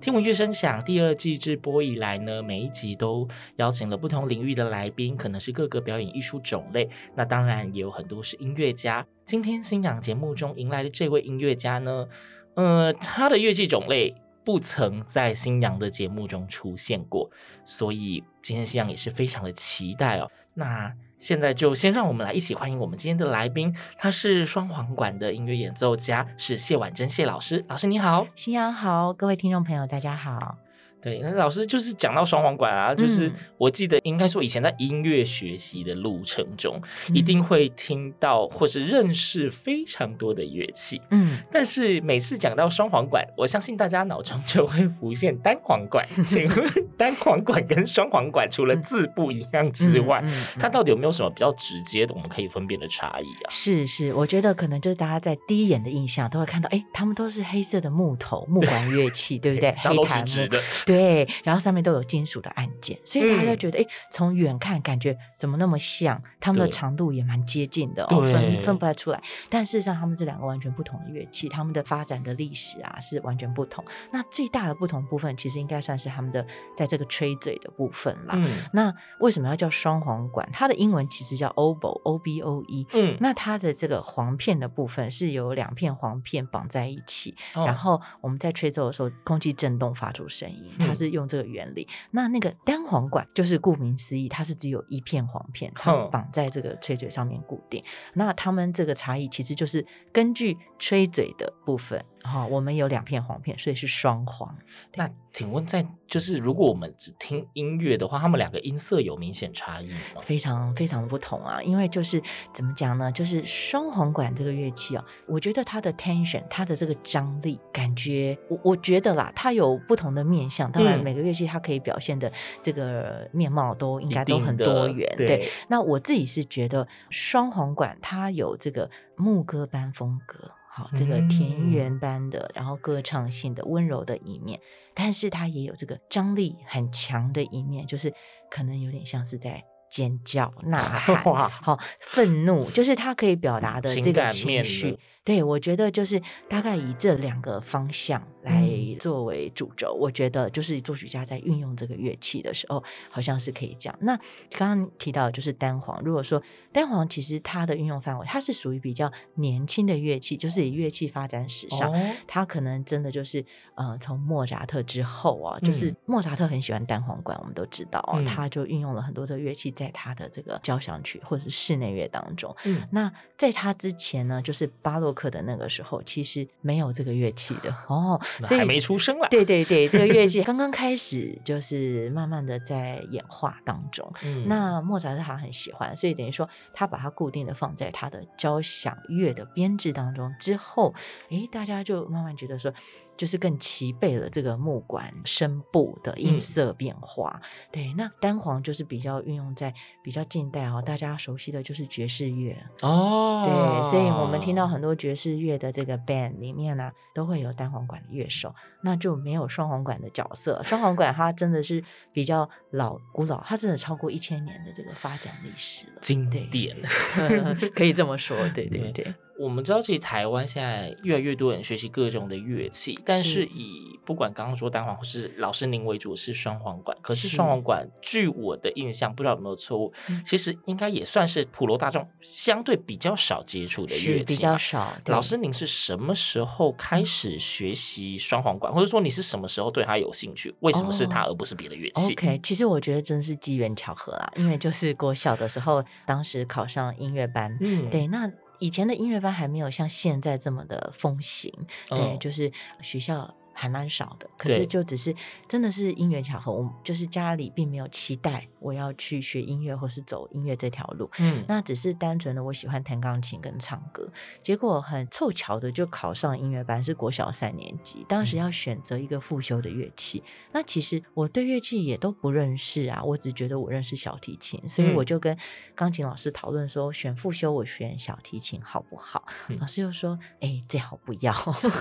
聽文樂聲饗第二季製播以來呢，每一集都邀請了不同領域的來賓，可能是各個表演藝術種類，那當然也有很多是音樂家。今天星洋節目中迎來的這位音樂家呢，呃，他的樂器種類不曾在星洋的節目中出現過，所以今天星洋也是非常的期待哦。那。現在就先讓我們來一起歡迎我們今天的來賓，他是雙簧管的音樂演奏家，是謝宛臻。謝老師。老師你好，星洋好，各位聽眾朋友大家好。對，老師就是講到雙簧管啊，就是我記得應該說以前在音樂學習的路程中，一定會聽到或是認識非常多的樂器。嗯，但是每次講到雙簧管，我相信大家腦中就會浮現單簧管。請問單簧管跟雙簧管除了字不一樣之外，嗯嗯嗯嗯、它到底有沒有什麼比較直接的我們可以分辨的差異啊？是是，我覺得可能就是大家在第一眼的印象都會看到，哎，他們都是黑色的木頭木管樂器，對，對不對？黑 直直的。 對，然後上面都有金屬的按鍵，所以大家覺得，嗯、誒，從遠看感覺怎麼那麼像？它們的長度也蠻接近的哦，對分分不太出來。但事實上，它們這兩個完全不同的樂器，它們的發展的歷史啊是完全不同。那最大的不同的部分，其實應該算是它們的在這個吹嘴的部分啦。嗯、那為什麼要叫雙簧管？它的英文其實叫 oboe，o b o e。嗯，那它的這個簧片的部分是由兩片簧片綁在一起，哦、然後我們在吹奏的時候，空氣振動發出聲音。它是用這個原理，嗯、那那個單簧管就是顧名思義，它是只有一片簧片，它綁在這個吹嘴上面固定。嗯、那他們這個差異其實就是根據。吹嘴的部分，哈、哦，我們有兩片簧片，所以是雙簧。那請問在，在就是如果我們只聽音樂的話，他們兩個音色有明顯差異嗎？非常非常不同啊！因為就是怎麼講呢？就是雙簧管這個樂器哦，我覺得它的 tension，它的這個張力感覺，我我覺得啦，它有不同的面向。當然，每個樂器它可以表現的這個面貌都應該都很多元。嗯、對，對，那我自己是覺得雙簧管它有這個。牧歌般風格，好這個田園般的，嗯、哼然後歌唱性的溫柔的一面，但是他也有這個張力很強的一面，就是可能有點像是在尖叫、吶喊， 好，好憤怒，就是他可以表達的這個情緒。情對，我覺得就是大概以這兩個方向來作為主軸。嗯、我覺得就是作曲家在運用這個樂器的時候，好像是可以這樣。那剛剛提到就是單簧，如果說單簧其實它的運用範圍，它是屬於比較年輕的樂器，就是以樂器發展史上，它、哦、可能真的就是呃，從莫扎特之後啊，嗯、就是莫扎特很喜歡單簧管，我們都知道哦、啊，嗯、他就運用了很多的樂器在他的這個交響曲或者是室內樂當中。嗯，那在他之前呢，就是巴洛。做客的那個時候，其實沒有這個樂器的哦，所以還沒出生了。對對對，這個樂器剛剛開始，就是慢慢的在演化當中。 那莫扎特他很喜歡，所以等於說他把它固定的放在他的交響樂的編製當中之後，誒，大家就慢慢覺得說。就是更齊備了這個木管聲部的音色變化，嗯、對。那單簧就是比較運用在比較近代哦，大家熟悉的就是爵士樂哦，對。所以我們聽到很多爵士樂的這個 band 裡面呢、啊，都會有單簧管的樂手，那就沒有雙簧管的角色。雙簧管它真的是比較老 古老，它真的超過一千年的這個發展歷史了，經典，對 可以這麼說， 對，對對對。嗯我們知道，其實台灣現在越來越多人學習各種的樂器，是但是以不管剛剛說單簧或是老師您為主是雙簧管。是可是雙簧管，是據我的印象，不知道有沒有錯誤，嗯、其實應該也算是普羅大眾相對比較少接觸的樂器是。比較少。老師您是什麼時候開始學習雙簧管，或者說你是什麼時候對他有興趣？為什麼是他而不是別的樂器、哦、？OK，其實我覺得真是機緣巧合啦、啊，嗯、因為就是國小的時候，當時考上音樂班，嗯，對，那。以前的音樂班還沒有像現在這麼的風行，哦、對，就是學校。還蠻少的，可是就只是真的是因緣巧合，對我就是家裡並沒有期待我要去學音樂或是走音樂這條路，嗯，那只是單純的我喜歡彈鋼琴跟唱歌，結果很湊巧的就考上了音樂班，是國小三年級，當時要選擇一個复修的樂器，嗯、那其實我對樂器也都不認識啊，我只覺得我認識小提琴，所以我就跟鋼琴老師討論說，選复修我選小提琴好不好？嗯、老師又說，哎、欸，最好不要，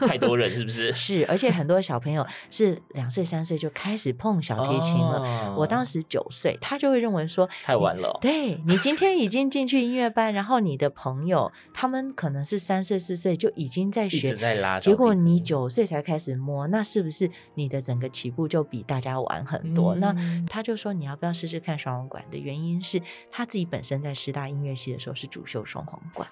太多人是不是？ 是，而且很。 很多小朋友是兩歲三歲就開始碰小提琴了。Oh, 我當時九歲，他就會認為說太晚了。你對你今天已經進去音樂班， 然後你的朋友他們可能是三歲四歲就已經在學，在拉。結果你九歲才開始摸，那是不是你的整個起步就比大家晚很多？嗯、那他就說你要不要試試看雙簧管？的原因是他自己本身在師大音樂系的時候是主修雙簧管。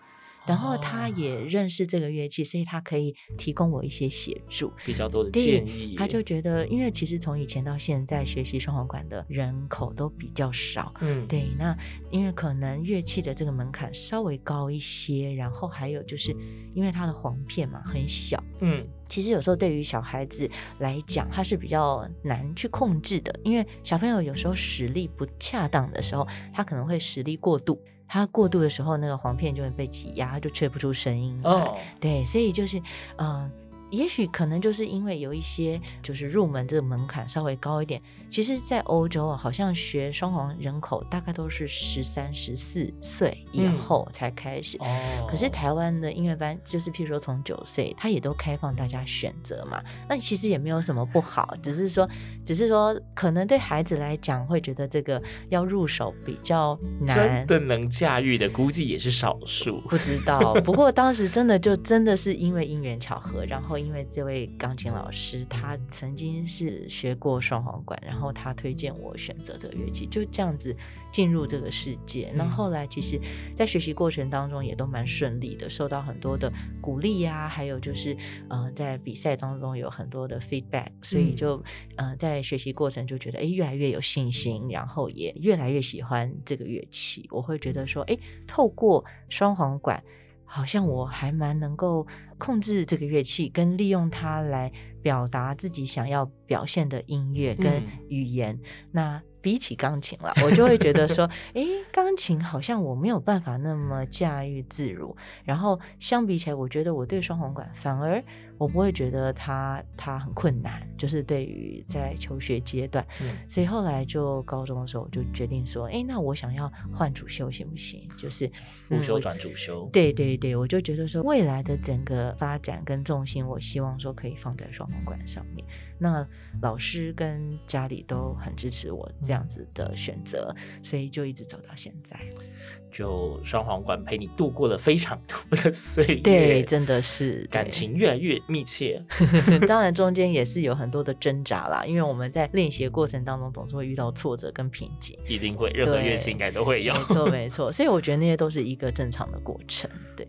然後他也認識這個樂器，所以他可以提供我一些協助，比較多的建議。他就覺得，因為其實從以前到現在，學習雙簧管的人口都比較少。嗯，對。那因為可能樂器的這個門檻稍微高一些，然後還有就是因為它的簧片嘛，很小。嗯，其實有時候對於小孩子來講，他是比較難去控制的，因為小朋友有時候施力不恰當的時候，他可能會施力過度。它過度的時候，那個簧片，就會被擠壓，它就吹不出聲音來，啊。Oh. 對，所以就是，嗯、呃。也許可能就是因為有一些就是入門這個門檻稍微高一點，其實，在歐洲啊，好像學雙簧人口大概都是十三、十四歲以後才開始。嗯、哦。可是台灣的音樂班就是，譬如說從九歲，他也都開放大家選擇嘛。那其實也沒有什麼不好，只是說，只是說，可能對孩子來講會覺得這個要入手比較難。真的能駕馭的估計也是少數。 不知道。不過當時真的就真的是因為因緣巧合，然後。因為這位鋼琴老師，他曾經是學過雙簧管，然後他推薦我選擇這個樂器，就這樣子進入這個世界。那、嗯、後來其實，在學習過程當中也都蠻順利的，受到很多的鼓勵啊，還有就是、嗯、呃，在比賽當中有很多的 feedback，所以就、嗯、呃在學習過程就覺得誒，越來越有信心，然後也越來越喜歡這個樂器。我會覺得說，誒，透過雙簧管。好像我還蠻能夠控制這個樂器，跟利用它來表達自己想要表現的音樂跟語言。嗯、那比起鋼琴了， 我就會覺得說，哎、欸，鋼琴好像我沒有辦法那麼駕馭自如。然後相比起來，我覺得我對雙簧管反而。我不會覺得他他很困難，就是對於在求學階段，對所以後來就高中的時候我就決定說，哎，那我想要換主修行不行？就是副修轉主修、嗯，對對對，我就覺得說未來的整個發展跟重心，我希望說可以放在雙簧管上面。那老師跟家裡都很支持我這樣子的選擇，嗯、所以就一直走到現在。就雙簧管陪你度過了非常多的歲月。對，真的是感情越來越密切。 當然中間也是有很多的掙扎啦，因為我們在練習的過程當中總是會遇到挫折跟瓶頸，一定會，對任何樂器應該都會有，沒錯沒錯。所以我覺得那些都是一個正常的過程，對。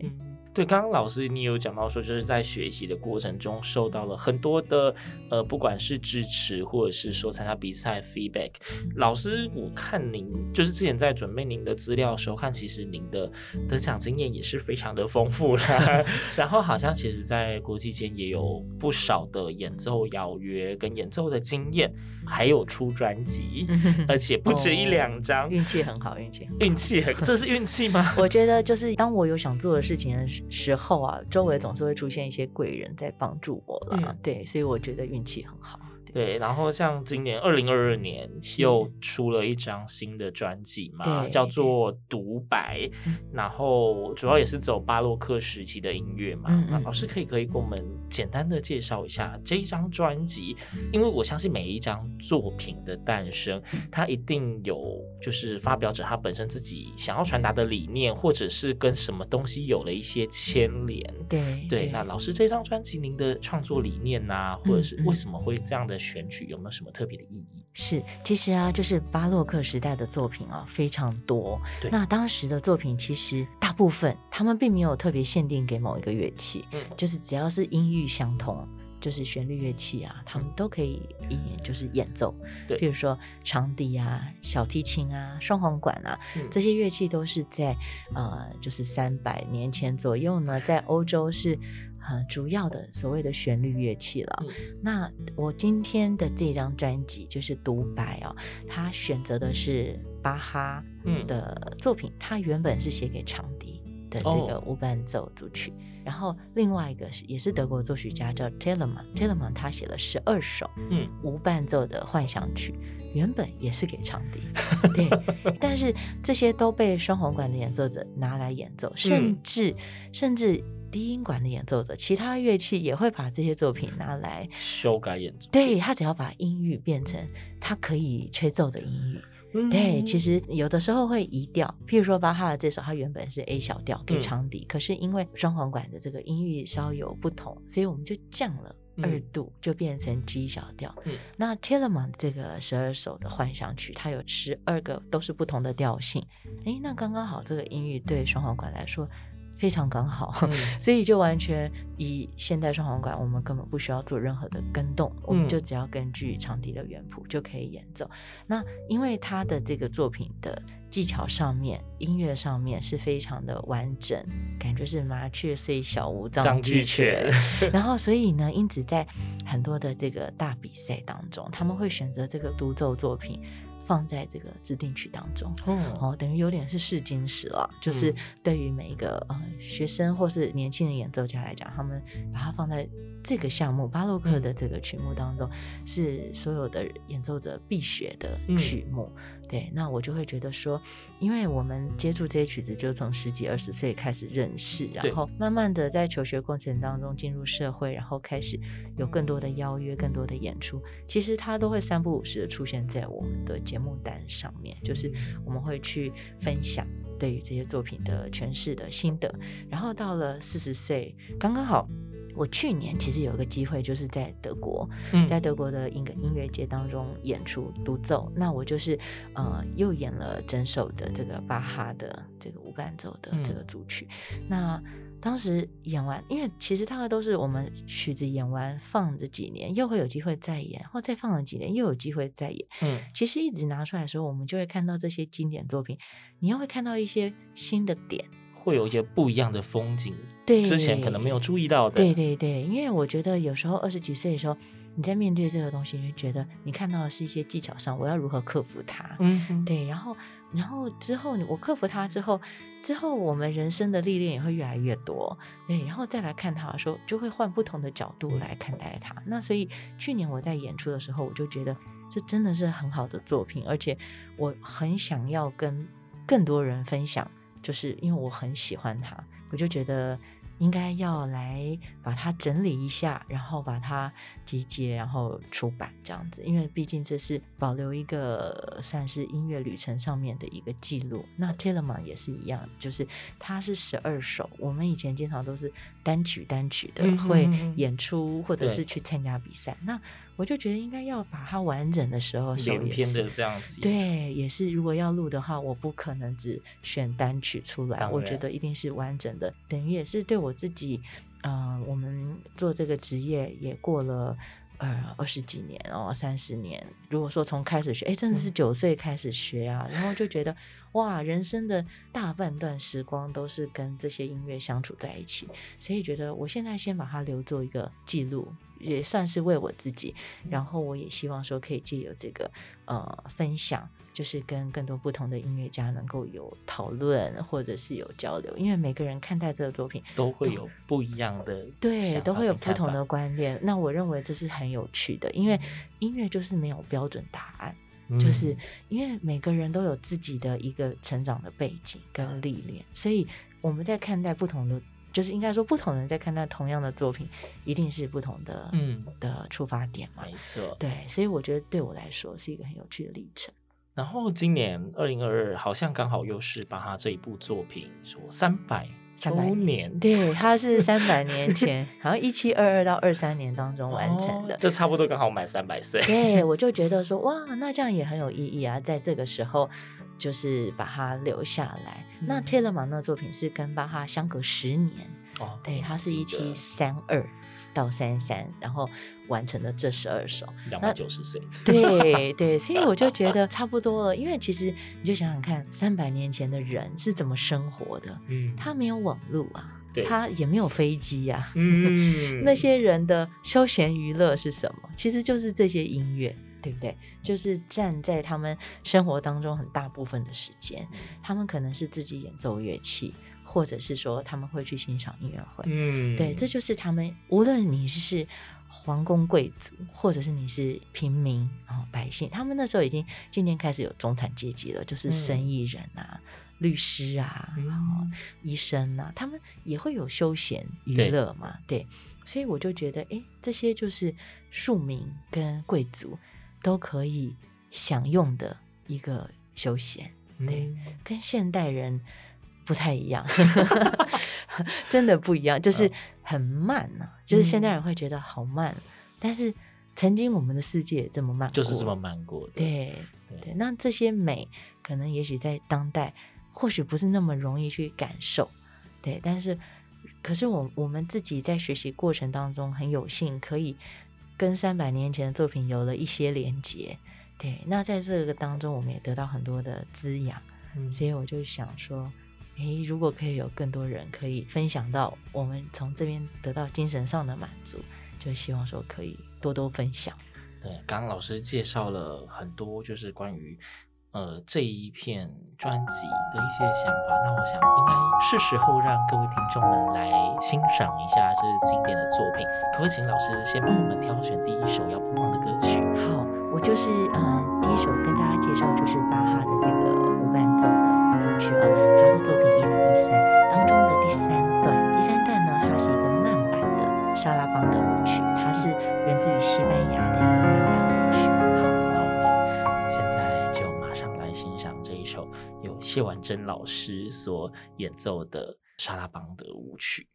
對，剛剛老師，你有講到說，就是在學習的過程中受到了很多的，呃，不管是支持，或者是說參加比賽 feedback。老師，我看您就是之前在準備您的資料的時候，看其實您的得獎經驗也是非常的豐富啦 然後好像其實在國際間也有不少的演奏邀約跟演奏的經驗，還有出專輯，而且不止一兩張。 哦、運，運氣很好，運氣很好運氣很，這是運氣嗎？ 我覺得就是當我有想做的事情的時候。時候啊，周圍總是會出現一些貴人在幫助我了，嗯、對，所以我覺得運氣很好。對，然後像今年二零二二年又出了一張新的專輯嘛，叫做《獨白》，嗯、然後主要也是走巴洛克時期的音樂嘛。嗯、那老師可以可以給我們簡單的介紹一下這一張專輯，嗯、因為我相信每一張作品的誕生，嗯、它一定有就是發表者他本身自己想要傳達的理念，或者是跟什麼東西有了一些牽連。嗯、對對，對，那老師這張專輯您的創作理念吶、啊，嗯、或者是為什麼會這樣的？選舉有沒有什麼特別的意義？是，其實啊，就是巴洛克時代的作品啊，非常多。對那當時的作品其實大部分，他們並沒有特別限定給某一個樂器，嗯，就是只要是音域相同，就是旋律樂器啊，他們都可以，就是演奏。對、嗯，比如說長笛啊、小提琴啊、雙簧管啊，嗯、這些樂器都是在，呃，就是三百年前左右呢，在歐洲是。主要的所謂的旋律樂器了。嗯、那我今天的這張專輯就是《獨白》哦，他選擇的是巴哈的作品，嗯、他原本是寫給長笛的這個無伴奏組曲。哦、然後另外一個是也是德國作曲家叫 Telemann，Telemann、嗯、他寫了十二首嗯無伴奏的幻想曲，原本也是給長笛，嗯、對， 但是這些都被雙簧管的演奏者拿來演奏，甚至、嗯、甚至。低音管的演奏者，其他樂器也會把這些作品拿來修改演奏。對，他只要把音域變成他可以吹奏的音域。嗯、對，其實有的時候會移調，譬如說巴哈的這首，它原本是 A 小調給長笛，嗯、可是因為雙簧管的這個音域稍有不同，所以我們就降了二度，嗯、就變成 G 小調。嗯、那 Telemann 這個十二首的幻想曲，它有十二個都是不同的調性。誒，那剛剛好，這個音域對雙簧管來說。非常剛好，嗯、所以就完全以現代雙簧管，我們根本不需要做任何的更動，嗯、我們就只要根據場地的原譜就可以演奏。那因為他的這個作品的技巧上面、音樂上面是非常的完整，感覺是麻雀雖小，五臟俱全。 然後所以呢，因此在很多的這個大比賽當中，他們會選擇這個獨奏作品。放在這個指定曲當中，嗯、哦，等於有點是試金石了，就是對於每一個呃學生或是年輕人演奏家來講，他們把它放在這個項目巴洛克的這個曲目當中，嗯、是所有的演奏者必學的曲目。嗯、對，那我就會覺得說，因為我們接觸這些曲子，就從十幾二十歲開始認識，然後慢慢的在求學過程當中進入社會，然後開始有更多的邀約，更多的演出，其實他都會三不五時的出現在我們的節目上面，就是我們會去分享對於這些作品的詮釋的心得。然後到了四十歲，剛剛好，我去年其實有一個機會，就是在德國，嗯、在德國的一個音樂節當中演出獨奏。那我就是呃，又演了整首的這個巴哈的這個無伴奏的這個組曲。嗯、那當時演完，因為其實大概都是我們曲子，演完放着幾年，又會有機會再演，或再放了幾年，又有機會再演。嗯，其實一直拿出來的時候，我們就會看到這些經典作品，你又會看到一些新的點，會有一些不一樣的風景。對，對，之前可能沒有注意到的。對對對，因為我覺得有時候二十幾歲的時候，你在面對這個東西，你會覺得你看到的是一些技巧上，我要如何克服它。嗯哼，對，然後。然後之後，我克服他之後，之後我們人生的歷練也會越來越多，對，然後再來看他的時候，就會換不同的角度來看待他。嗯、那所以去年我在演出的時候，我就覺得這真的是很好的作品，而且我很想要跟更多人分享，就是因為我很喜歡他，我就覺得。應該要來把它整理一下，然後把它集結，然後出版這樣子，因為畢竟這是保留一個算是音樂旅程上面的一個記錄。那《Telemann》也是一樣，就是它是十二首，我們以前經常都是單曲單曲的、嗯、哼會演出，或者是去參加比賽。對那我就覺得應該要把它完整的時候留一片的這樣子，對，也是如果要錄的話，我不可能只選單曲出來，我覺得一定是完整的，等於也是對我自己，嗯，我們做這個職業也過了呃二十幾年哦，三十年。如果說從開始學，哎，真的是九歲開始學啊，然後就覺得哇，人生的大半段時光都是跟這些音樂相處在一起，所以覺得我現在先把它留做一個記錄。也算是為我自己，然後我也希望說可以借由這個、嗯、呃分享，就是跟更多不同的音樂家能夠有討論，或者是有交流，因為每個人看待這個作品都會有不一樣的、嗯，對，都會有不同的觀念。那我認為這是很有趣的，因為音樂就是沒有標準答案，嗯、就是因為每個人都有自己的一個成長的背景跟歷練，嗯、所以我們在看待不同的。就是應該說，不同人在看待同樣的作品，一定是不同的，嗯，的出發點嘛。沒錯錯，對，所以我覺得對我來說是一個很有趣的歷程。然後今年二零二二，好像剛好又是把他這一部作品說三百周年，對，他是三百年前， 好像一七二二到二三年當中完成的，哦、就差不多剛好滿三百歲。對， 對，我就覺得說哇，那這樣也很有意義啊，在這個時候。就是把它留下來。那泰勒曼的作品是跟巴哈相隔十年，哦，對，他是一七三二到三三，然後完成了這十二首。兩百九十歲，對對，所以我就覺得差不多了。因為其實你就想想看，三百年前的人是怎麼生活的？嗯，他沒有網絡啊，他也沒有飛機呀。嗯，那些人的休閒娛樂是什麼？其實就是這些音樂。對不對？就是站在他們生活當中很大部分的時間，他們可能是自己演奏樂器，或者是說他們會去欣賞音樂會。嗯，對，這就是他們。無論你是皇宮貴族，或者是你是平民、哦、百姓，他們那時候已經漸漸開始有中產階級了，就是生意人吶、啊、嗯、律師啊、嗯、醫生吶、啊，他們也會有休閒娛樂嘛。對，對，所以我就覺得，哎，這些就是庶民跟貴族。都可以享用的一個休閒，對，跟現代人不太一樣，嗯、 真的不一樣，就是很慢吶、啊，哦、就是現代人會覺得好慢，嗯、但是曾經我們的世界也這麼慢，就是這麼慢過，對對，對，對。那這些美，可能也許在當代或許不是那麼容易去感受，對，但是可是我我們自己在學習過程當中很有幸可以。跟三百年前的作品有了一些連接，對，那在這個當中，我們也得到很多的滋養，嗯，所以我就想說，欸，如果可以有更多人可以分享到，我們從這邊得到精神上的滿足，就希望說可以多多分享。對，剛剛老師介紹了很多，就是關於。呃，這一片專輯的一些想法，那我想應該是時候讓各位聽眾們來欣賞一下這經典的作品，可不可以請老師先幫我們挑選第一首要播放的歌曲？嗯、好，我就是呃，第一首跟大家介紹就是巴哈的這個無伴奏的歌曲啊、哦，它是作品一零一三當中的第三段，第三段呢，它是一個慢板的薩拉邦德。謝宛臻老師所演奏的薩拉邦德舞曲。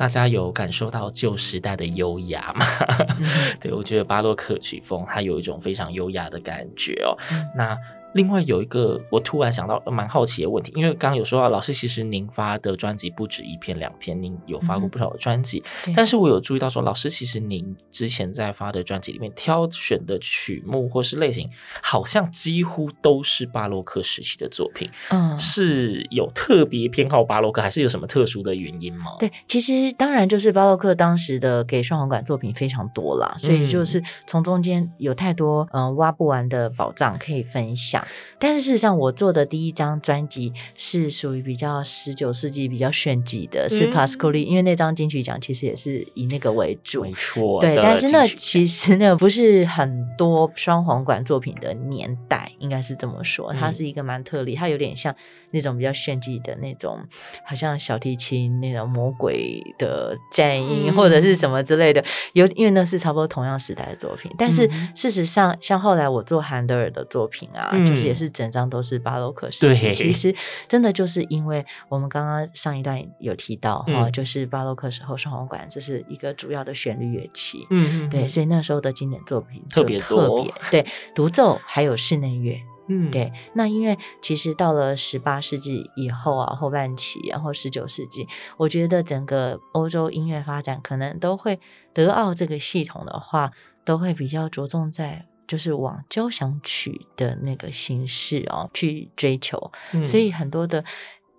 大家有感受到舊時代的優雅嗎？ 對，我覺得巴洛克曲風，它有一種非常優雅的感覺哦。那。另外有一個，我突然想到蠻好奇的問題，因為剛剛有說到老師，其實您發的專輯不止一篇兩篇，您有發過不少的專輯。嗯、對。但是我有注意到說，老師其實您之前在發的專輯裡面挑選的曲目或是類型，好像幾乎都是巴洛克時期的作品。嗯。是有特別偏好巴洛克，還是有什麼特殊的原因嗎？對，其實當然就是巴洛克當時的給雙簧管作品非常多啦，所以就是從中間有太多嗯、呃、挖不完的寶藏可以分享。但是事實上，我做的第一張專輯是屬於比較十九世紀比較炫技的，嗯、是 Pasculli 因為那張金曲獎其實也是以那個為主。沒錯，對，但是那其實那不是很多雙簧管作品的年代，應該是這麼說，它是一個蠻特例，它有點像那種比較炫技的那種，好像小提琴那種魔鬼的顫音或者是什麼之類的，有因為那是差不多同樣時代的作品。但是事實上，嗯、像後來我做韓德爾的作品啊。嗯就是、嗯、也是整張都是巴洛克時期，對嘿嘿，其實真的就是因為我們剛剛上一段有提到哈，嗯、就是巴洛克時候雙簧管這是一個主要的旋律樂器，嗯嗯，對，嗯、所以那時候的經典作品特別特別，對獨奏還有室內樂，嗯，對。那因為其實到了十八世紀以後啊，後半期、啊，然後十九世紀，我覺得整個歐洲音樂發展可能都會德奧這個系統的話，都會比較着重在。就是往交響曲的那個形式哦去追求，嗯、所以很多的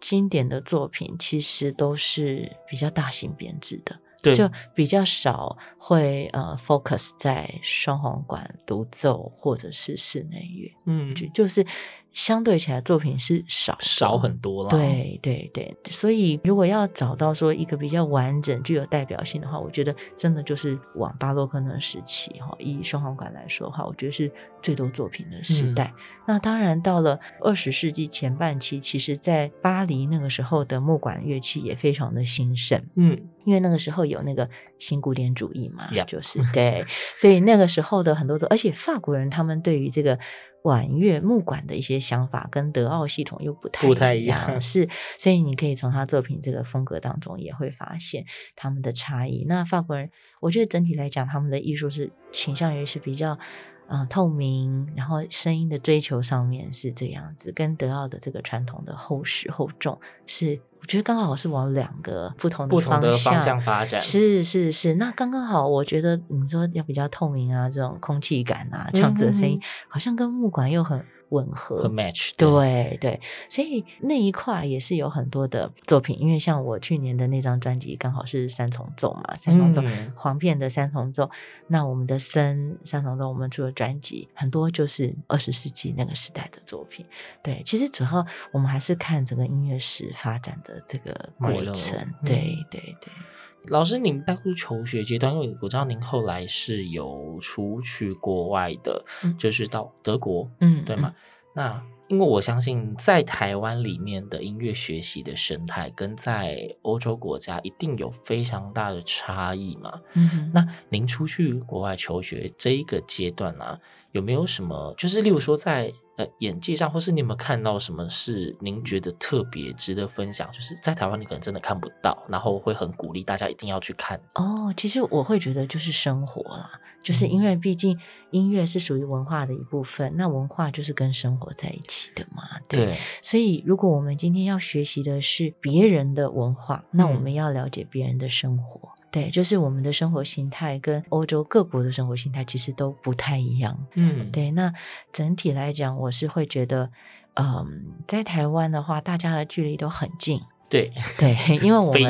經典的作品其實都是比較大型編制的，對就比較少會呃 focus 在雙簧管獨奏或者是室內樂，嗯，就就是。相對起來，作品是少少很多了。對對對，所以如果要找到說一個比較完整、具有代表性的話，我覺得真的就是往巴洛克那時期哈，以雙簧管來說的話，我覺得是最多作品的時代。嗯、那當然，到了二十世紀前半期，其實在巴黎那個時候的木管樂器也非常的興盛。嗯。因為那個時候有那個新古典主義嘛，Yeah. 就是對，所以那個時候的很多作，而且法國人他們對於這個管樂木管的一些想法跟德奧系統又不太不太一樣，是，所以你可以從他作品這個風格當中也會發現他們的差異。那法國人，我覺得整體來講，他們的藝術是傾向於是比較。嗯，透明，然後聲音的追求上面是這樣子，跟德奧的這個傳統的厚實厚重，是，我覺得剛好是往兩個不同的方向，不同的方向發展，是是是。那剛剛好，我覺得你說要比較透明啊，這種空氣感啊，這樣子的聲音嗯嗯嗯，好像跟木管又很。混合，和 match，對對，對，所以那一塊也是有很多的作品，因為像我去年的那張專輯剛好是三重奏嘛，三重奏，嗯、簧片的三重奏，那我們的森三重奏，我們出的專輯很多就是二十世紀那個時代的作品。對，其實主要我們還是看整個音樂史發展的這個過程，對對、嗯、對。對對對老師，您當初求學階段，因為我知道您後來是有出去國外的，嗯、就是到德國，嗯，對嗎？嗯、那因為我相信在台灣裡面的音樂學習的生態，跟在歐洲國家一定有非常大的差異嘛。嗯哼，那您出去國外求學這一個階段呢、啊、有沒有什麼，就是例如說在。呃，演技上，或是你有沒有看到什麼是您覺得特別值得分享？就是在台灣，你可能真的看不到，然後會很鼓勵大家一定要去看。哦，其實我會覺得就是生活啦，就是因為畢竟音樂是屬於文化的一部分，嗯、那文化就是跟生活在一起的嘛。對，對，所以如果我們今天要學習的是別人的文化，那我們要了解別人的生活。嗯對，就是我們的生活形態跟歐洲各國的生活形態其實都不太一樣。嗯，對。那整體來講，我是會覺得，嗯、呃，在台灣的話，大家的距離都很近。對對，因為我們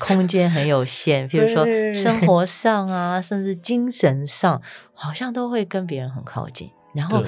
空間很有限。非常近 對比如說生活上啊，甚至精神上，好像都會跟別人很靠近。然後。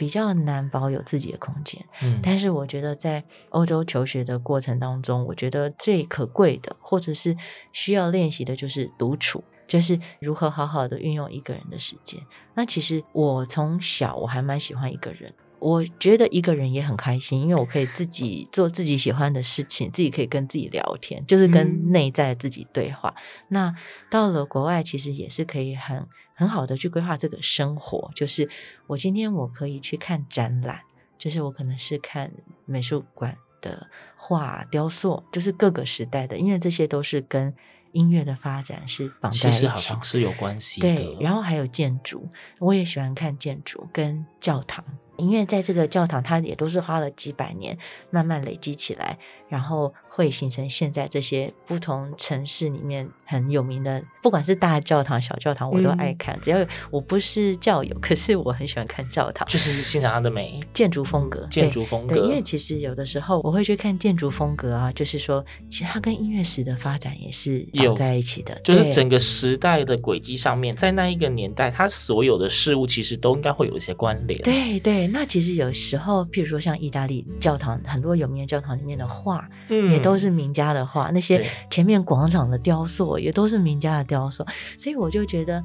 比較難保有自己的空間，嗯，但是我覺得在歐洲求學的過程當中，我覺得最可貴的，或者是需要練習的，就是獨處，就是如何好好的運用一個人的時間。那其實我從小我還蠻喜歡一個人，我覺得一個人也很開心，因為我可以自己做自己喜歡的事情，自己可以跟自己聊天，就是跟內在自己對話。嗯，那到了國外，其實也是可以很。很好的去規劃這個生活，就是我今天我可以去看展覽，就是我可能是看美術館的畫、雕塑，就是各個時代的，因為這些都是跟音樂的發展是綁在一起，其實好像是有關係的。對，然後還有建築，我也喜歡看建築跟教堂。音樂在這個教堂，它也都是花了幾百年慢慢累積起來，然後會形成現在這些不同城市裡面很有名的，不管是大教堂、小教堂，我都愛看。嗯、只要我不是教友，可是我很喜歡看教堂，就是欣賞它的美、建築風格、嗯、建築風格對對。因為其實有的時候我會去看建築風格啊，就是說，其實它跟音樂史的發展也是有在一起的，就是整個時代的軌跡上面，對在那一個年代，它所有的事物其實都應該會有一些關聯對。對對。那其實有時候，譬如說像意大利教堂，很多有名的教堂裡面的畫，嗯，也都是名家的畫；那些前面廣場的雕塑，也都是名家的雕塑。所以我就覺得。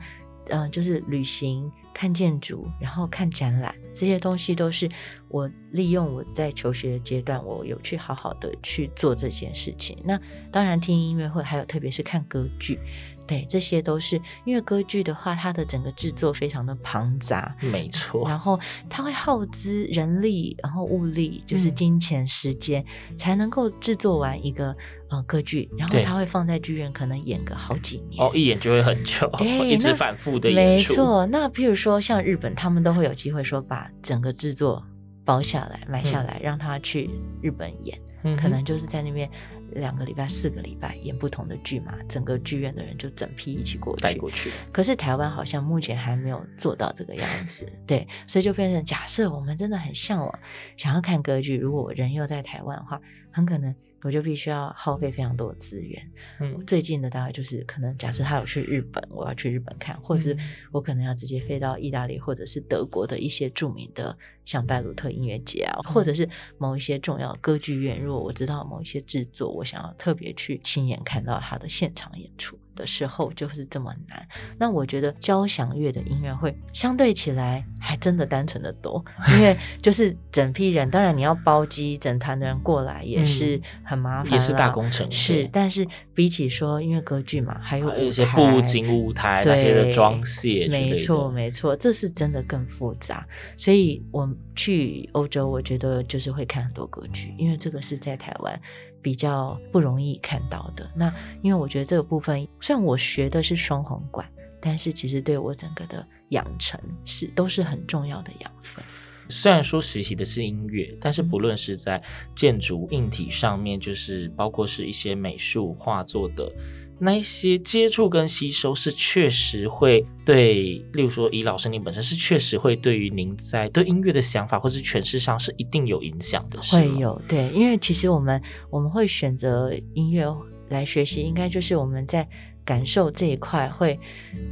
嗯、呃，就是旅行看建築，然後看展覽，這些東西都是我利用我在求學的階段，我有去好好的去做這件事情。那當然聽音樂會，還有特別是看歌劇，對，這些都是因為歌劇的話，它的整個製作非常的龐雜，沒錯。然後它會耗資人力，然後物力，就是金錢、時間，嗯、才能夠製作完一個。歌劇，然後他會放在劇院，可能演個好幾年。哦，一演就會很久，對，一直反覆的演出。沒錯，那譬如說像日本，他們都會有機會說把整個製作包下來、嗯、買下來，讓他去日本演，嗯、可能就是在那邊兩個禮拜、四個禮拜演不同的劇嘛。整個劇院的人就整批一起過去。帶過去。可是台灣好像目前還沒有做到這個樣子， 對，所以就變成假設，我們真的很嚮往，想要看歌劇。如果人又在台灣的話，很可能。我就必須要耗費非常多的資源。嗯、最近的大概就是，可能假設他有去日本，嗯、我要去日本看，或者是我可能要直接飛到意大利，或者是德國的一些著名的，像拜魯特音樂節啊，嗯、或者是某一些重要歌劇院。如果我知道某一些制作，我想要特別去親眼看到他的現場演出，的時候就是這麼難。那我覺得交響樂的音樂會相對起來還真的單純的多，因為就是整批人， 當然你要包機整團的人過來也是很麻煩，也是大工程。是，但是比起說音樂歌劇嘛，還有一、啊、些布景、舞台那對些裝卸的裝卸，沒錯，沒錯，這是真的更複雜。所以我去歐洲，我覺得就是會看很多歌劇，嗯、因為這個是在台灣。比較不容易看到的那。因為我覺得這個部分，雖然我學的是雙簧管，但是其實對我整個的養成是都是很重要的養分。雖然說學習的是音樂，但是不論是在建築硬體上面，就是包括是一些美術畫作的。那一些接觸跟吸收是確實會對，例如說，以老師您本身是確實會對於您在對音樂的想法或是詮釋上是一定有影響的。會有對，因為其實我們我們會選擇音樂來學習，應該就是我們在感受這一塊會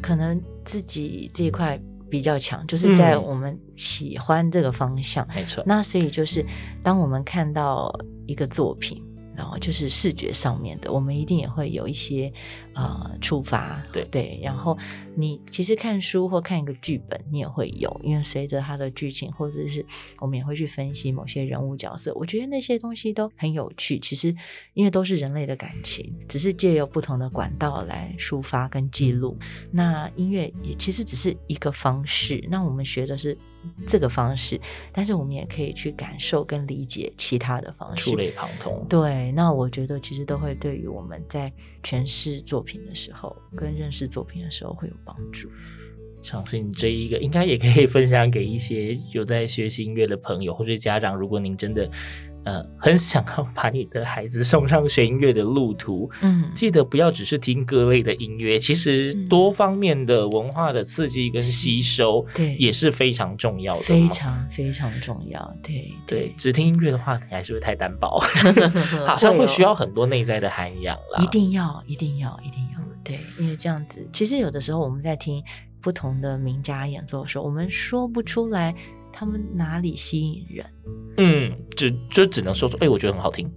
可能自己這一塊比較強，就是在我們喜歡這個方向。沒錯。嗯，那所以就是當我們看到一個作品，然後就是視覺上面的，我們一定也會有一些呃觸發，對對。然後你其實看書或看一個劇本，你也會有，因為隨着它的劇情，或者是我們也會去分析某些人物角色。我覺得那些東西都很有趣，其實因為都是人類的感情，只是借由不同的管道來抒發跟記錄。那音樂也其實只是一個方式。那我們學的是。這個方式，但是我們也可以去感受跟理解其他的方式，觸類旁通。對，那我覺得其實都會對於我們在詮釋作品的時候，跟認識作品的時候會有幫助。相信這一個應該也可以分享給一些有在學習音樂的朋友或者家長。如果您真的。呃，很想要把你的孩子送上學音樂的路途，嗯，記得不要只是聽各類的音樂，嗯、其實多方面的文化的刺激跟吸收，對，也是非常重要的，非常非常重要。對對，對，只聽音樂的話，你還是會太單薄，對 好像會需要很多內在的涵養啦。一定要，一定要，一定要，對，因為這樣子，其實有的時候我們在聽不同的名家演奏的時候，我們說不出來。他們哪裡吸引人？嗯，只就，就只能說說，哎、欸，我覺得很好聽，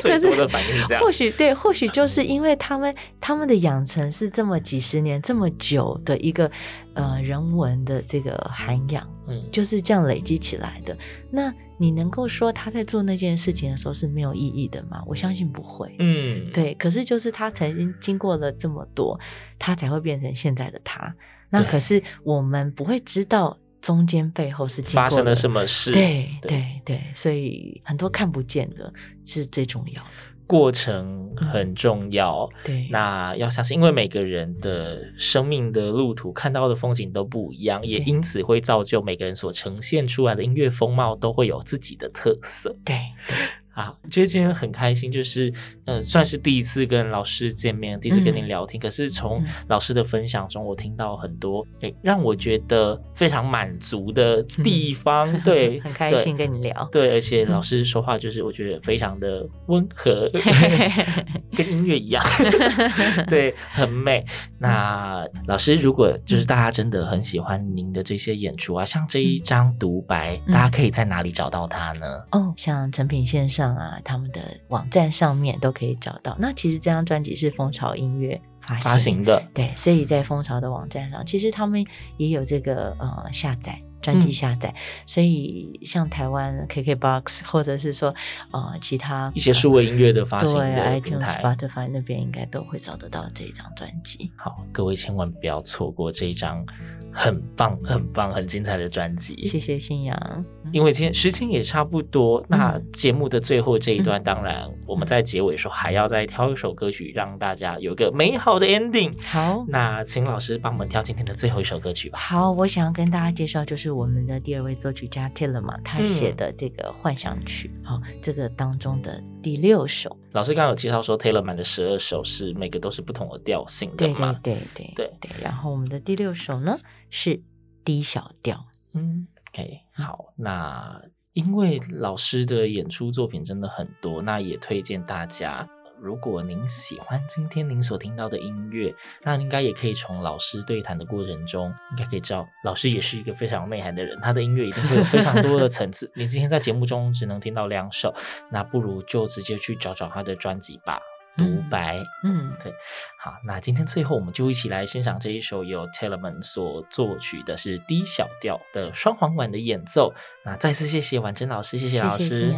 所以我的反應是這樣。或許對，或許就是因為他們、啊、他們的養成是這麼幾十年、嗯、這麼久的一個呃人文的這個涵養，嗯，就是這樣累積起來的。那你能夠說他在做那件事情的時候是沒有意義的嗎？我相信不會。嗯，對。可是就是他曾經經過了這麼多，他才會變成現在的他。那可是我們不會知道。中間背後是的發生了什麼事？對對對，對，所以很多看不見的、嗯、是最重要，過程很重要。嗯、對，那要相信，因為每個人的生命的路途看到的風景都不一樣，也因此會造就每個人所呈現出來的音樂風貌都會有自己的特色。對。對啊，覺得今天很開心，就是嗯、呃，算是第一次跟老師見面，第一次跟您聊天。嗯、可是從老師的分享中，嗯、我聽到很多哎、欸，讓我覺得非常滿足的地方。嗯、對，很開心跟你聊對。對，而且老師說話就是我覺得非常的溫和，嗯、跟音樂一樣。 對，很美。那老師，如果就是大家真的很喜歡您的這些演出啊，像這一張獨白，嗯、大家可以在哪裡找到它呢？哦，像誠品線上。啊，他們的網站上面都可以找到。那其實這張專輯是蜂巢音樂發行發行的，對，所以在蜂巢的網站上，其實他們也有這個呃下載專輯下載。嗯、所以像台灣 KKBOX，或者是說呃其他的一些數位音樂的發行的對，iTunes、Spotify 那邊，應該都會找得到這一張專輯。好，各位千萬不要錯過這一張很棒、很棒、嗯、很精彩的專輯。謝謝星洋。因為今天時間也差不多，嗯、那節目的最後這一段，當然我們在結尾的時候還要再挑一首歌曲，讓大家有一個美好的 ending。好，那請老師幫我們挑今天的最後一首歌曲吧。好，我想要跟大家介紹，就是我們的第二位作曲家 Telemann，嗯、他寫的這個幻想曲，好、嗯哦，這個當中的第六首。老師剛剛有介紹說 Telemann 的十二首是每個都是不同的調性的嘛？對對對對對。對對，然後我們的第六首呢是 D 小調，嗯，可以。好，那因為老師的演出作品真的很多，那也推薦大家，如果您喜歡今天您所聽到的音樂，那應該也可以從老師對談的過程中，應該可以知道老師也是一個非常有內涵的人，他的音樂一定會有非常多的層次。您 今天在節目中只能聽到兩首，那不如就直接去找找他的專輯吧。獨白。嗯，嗯，對，好，那今天最後我們就一起來欣賞這一首由 Telemann 所作曲的，是 D 小調的雙簧管的演奏。那再次謝謝宛臻老師，謝謝老師。謝謝。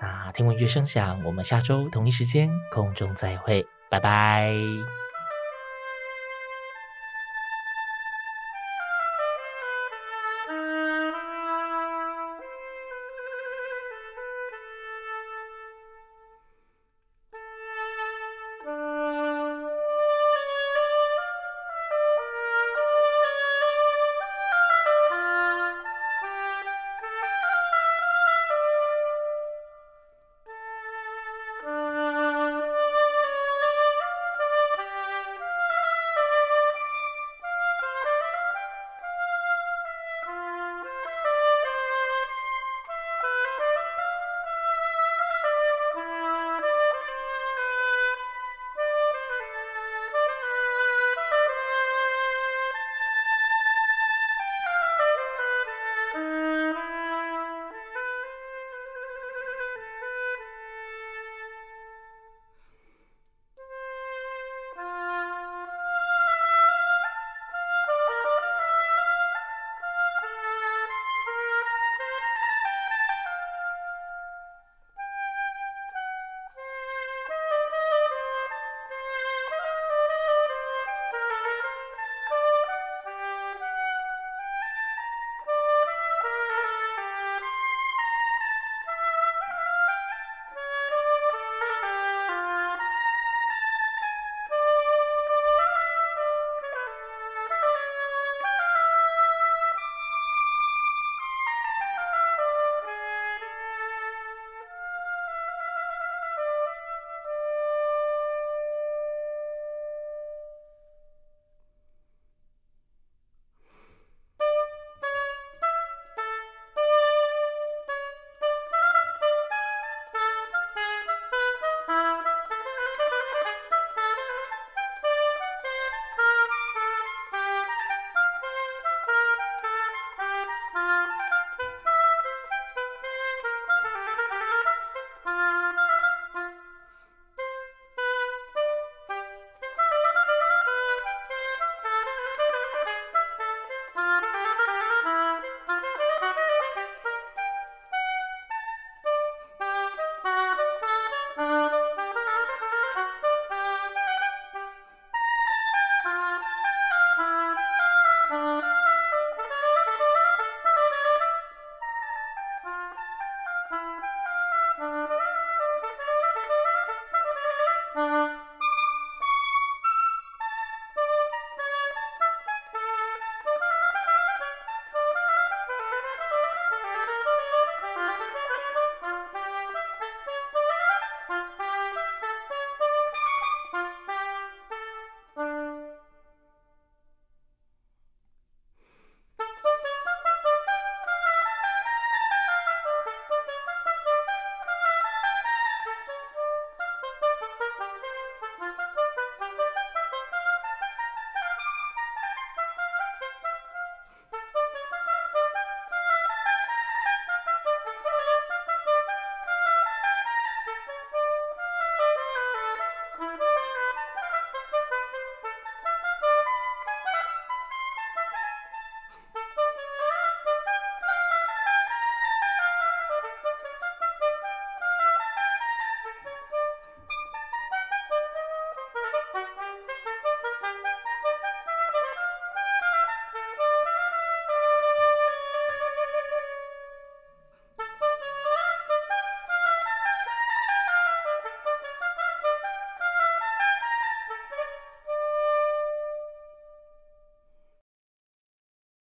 那聽文樂聲饗，我們下周同一時間空中再會，拜拜。